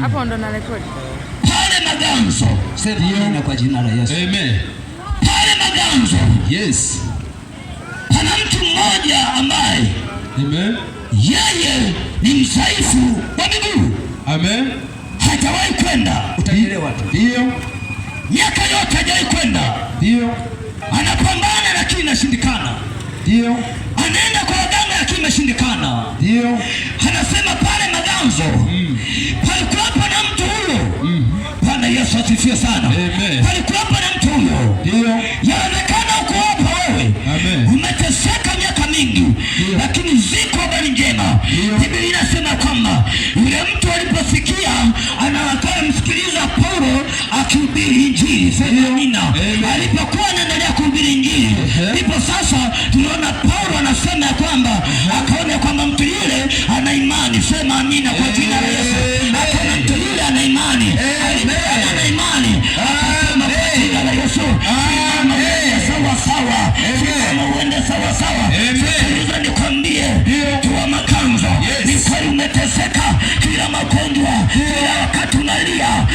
Hapo ndo na record Pale maganzo. Sema kwa jina la Yesu. Amen. Pale maganzo. Yes. Pana mtu mmoja ambaye Amen. Yeye ni msaifu wa miguu. Amen. Hajawahi kwenda. Utaelewa tu. Ndio. Miaka yote hajawahi kwenda. Ndio. Anapambana lakini inashindikana. Ndio. Anaenda kwa waganga lakini inashindikana. Ndio. Anasema pale maganzo Yesu asifiwe sana. Palikuwepo na mtu huyo. Ndio. Yaonekana uko hapa wewe. Amen. Umeteseka miaka mingi. Lakini ziko habari njema. Biblia inasema kwamba yule mtu aliposikia anawakaa msikiliza Paulo akihubiri Injili. Amina. Alipokuwa anaendelea kuhubiri Injili, ndipo sasa tunaona Paulo anasema kwamba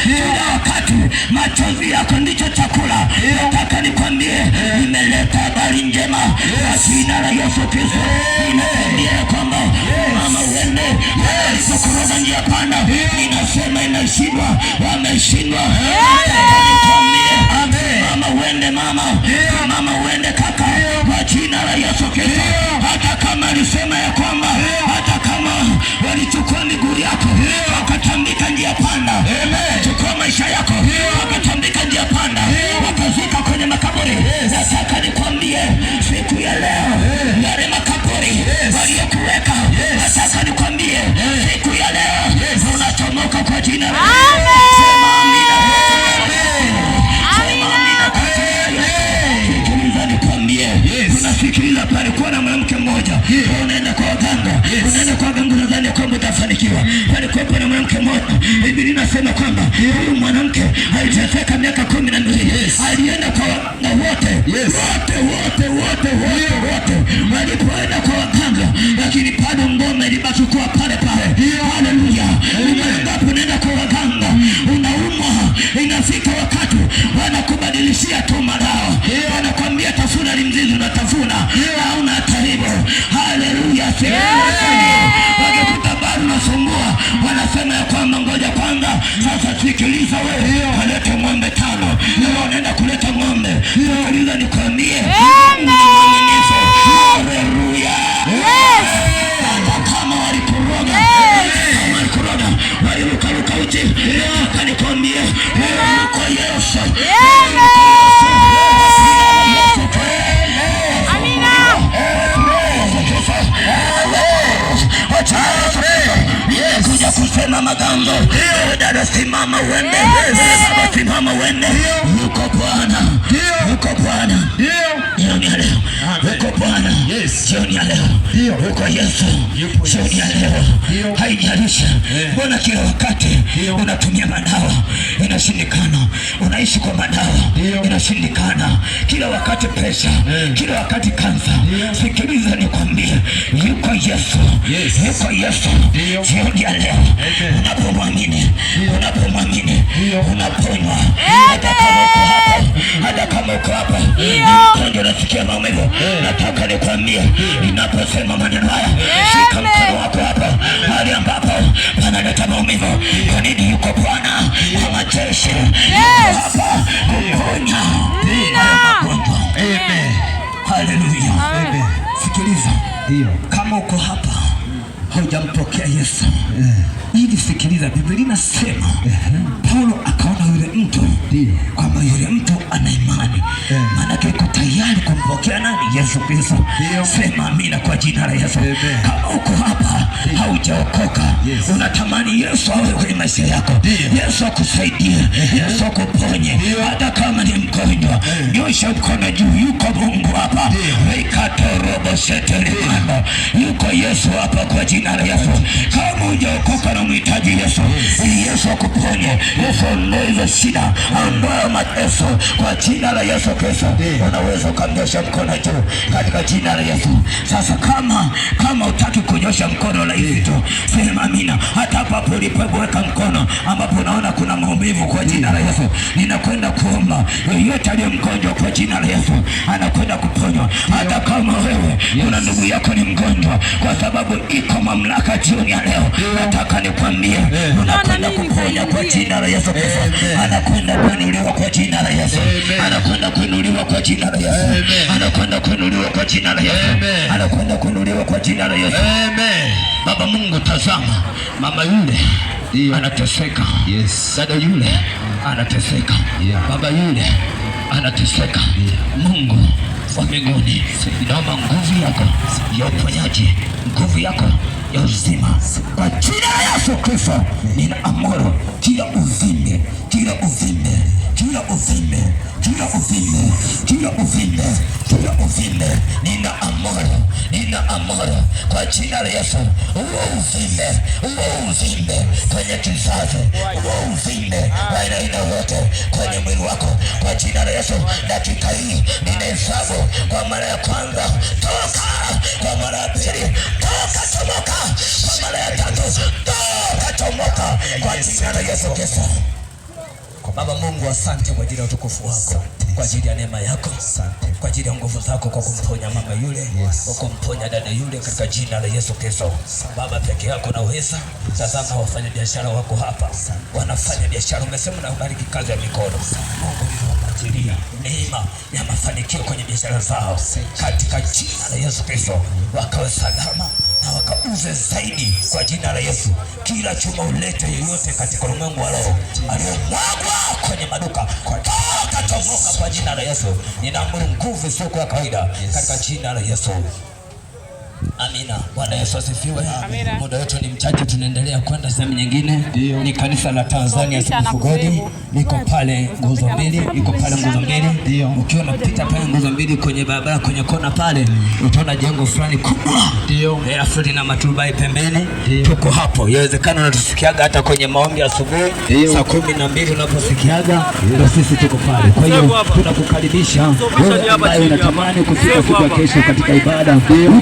kila wakati. Machozi yako ndicho chakula. Nataka nikwambie, nimeleta habari njema kwa jina la Yesu Kristo. Nimekwambia kwamba mama uende alizokuroga njia panda, ninasema inashindwa, wameshindwa Mama uende, mama mama uende kaka, kwa jina la Yesu Kristo. Hata kama alisema ya kwamba hata kama walichukua miguu yako jina la Tunafikiria palikuwa na mwanamke mmoja, unaenda kwa waganga, unaenda kwa waganga, unadhani kwamba utafanikiwa. Palikuwepo na mwanamke mmoja, Biblia inasema kwamba huyu mwanamke haijafika miaka kumi na mbili alienda kwa na wote wote wote wote wote walipoenda kwa waganga, lakini bado ngoma ilibaki kuwa pale pale. Haleluya! waganga, unaumwa, inafika wakati wanakubadilishia tu madawa, wanakwambia tafuna limzizi, unatafuna hauna hata taribu. Haleluya, wakikuta bado unasumbua, wanasema ya kwamba ngoja kwanza, sasa sikiliza wewe, walete ng'ombe jioni ya leo uko Bwana, jioni ya leo uko Yesu, jioni ya leo haijalisha. Mbona kila wakati unatumia madawa inashindikana, unaishi kwa madawa inashindikana, kila wakati pesa, kila wakati kansa Sikiliza nikwambie, yuko Yesu, yuko Yesu jioni ya leo. Unapomwamini, unapomwamini, unaponywa hata kama uko hapa mgonjwa, nasikia maumivu, nataka nikwambie, inaposema maneno haya, shika mkono wako hapa mahali ambapo panaleta maumivu. Kwa nini? Yuko Bwana wa majeshi hapa kuponya magonjwa Haleluya. Ah. Sikiliza. Ndio. Kama uko hapa haujampokea Yesu. Eh. Hivi sikiliza, Biblia inasema Paulo aka yule mtu kwamba yule mtu ana imani yeah. Maanake uko tayari kumpokea nani? Yesu Kristo. Sema amina kwa jina la Yesu. Kama uko hapa haujaokoka, yes. Unatamani Yesu awe kwenye maisha yako, Yesu akusaidie, Yesu akuponye, hata kama ni mgonjwa, eh. nyosha mkono juu. Yuko Mungu hapa, weka torobo yuko Yesu hapa kwa jina la Yesu. Yesu akuponye, Yesu aondoe hizo shida ambayo mateso. Kwa jina la Yesu Kristo unaweza ukanyosha mkono juu katika jina la Yesu. Sasa kama kama utaki kunyosha mkono la hivi tu, sema amina. Hata hapo ulipoweka mkono ambapo unaona kuna maumivu, kwa jina la Yesu ninakwenda kuomba yeyote aliye mgonjwa, kwa jina la Yesu anakwenda kuponywa. Hata kama wewe una ndugu yako ni mgonjwa, kwa sababu iko mamlaka jioni ya leo, nataka nikwambie unakwenda anakuja kwa jina la Yesu Kristo, anakwenda kuinuliwa kwa jina la Yesu, anakwenda kuinuliwa kwa jina la Yesu, anakwenda kuinuliwa kwa jina la Yesu, anakwenda kuinuliwa kwa jina la Yesu. Amen. Baba Mungu, tazama mama yule anateseka, yes. Dada yule anateseka, Baba yule anateseka, Mungu wa mbinguni, naomba nguvu yako ya uponyaji, nguvu yako ya uzima kwa jina la Yesu Kristo, ninaamuru kila uvimbe, kila uvimbe, kila uvimbe, kila uvimbe, kila uvimbe, kila uvimbe, ninaamuru, ninaamuru kwa jina la Yesu, uwo uvimbe, uwo uvimbe kwenye kizazi, uwo uvimbe wa aina yote kwenye mwili wako kwa jina la Yesu, dakika hii ninahesabu kwa mara ya kwanza, toka. Kwa mara ya pili, toka, tomoka. Kwa mara ya tatu, toka, tomoka, kwa jina la Yesu Kristo. Kwa Baba Mungu, asante kwa ajili ya utukufu wako, kwa ajili ya neema yako, asante kwa ajili ya nguvu zako, kwa kumponya mama yule, kwa kumponya dada yule, katika jina la Yesu Kristo. Baba, peke yako na uweza. Tazama wafanya biashara wako hapa wanafanya biashara, umesema na ubariki kazi ya mikono Mungu kuachilia neema ya mafanikio kwenye biashara zao katika jina la Yesu Kristo, wakawe salama na wakauze zaidi kwa jina la Yesu. Kila chuma ulete yoyote katika ulimwengu wa roho aliyomwagwa kwenye maduka toka, toboka kwa jina la Yesu. Ninaamuru nguvu isiyokuwa kawaida katika jina la Yesu. Amina. Bwana Yesu asifiwe. Muda wetu ni mchache, tunaendelea kwenda sehemu nyingine. Ni kanisa la Tanzania Askofu liko pale nguzo mbili, iko pale nguzo mbili. Ukiwa unapita pale nguzo mbili, kwenye barabara, kwenye kona pale, utaona jengo fulani kubwa, eh, alafu na maturubai pembeni. Tuko hapo, yawezekana unatusikiaga hata kwenye maombi asubuhi saa kumi na mbili unaposikiaga, na sisi tuko pale. Kwa hiyo tunakukaribisha wewe ambaye unatamani kufika siku ya kesho katika ibada.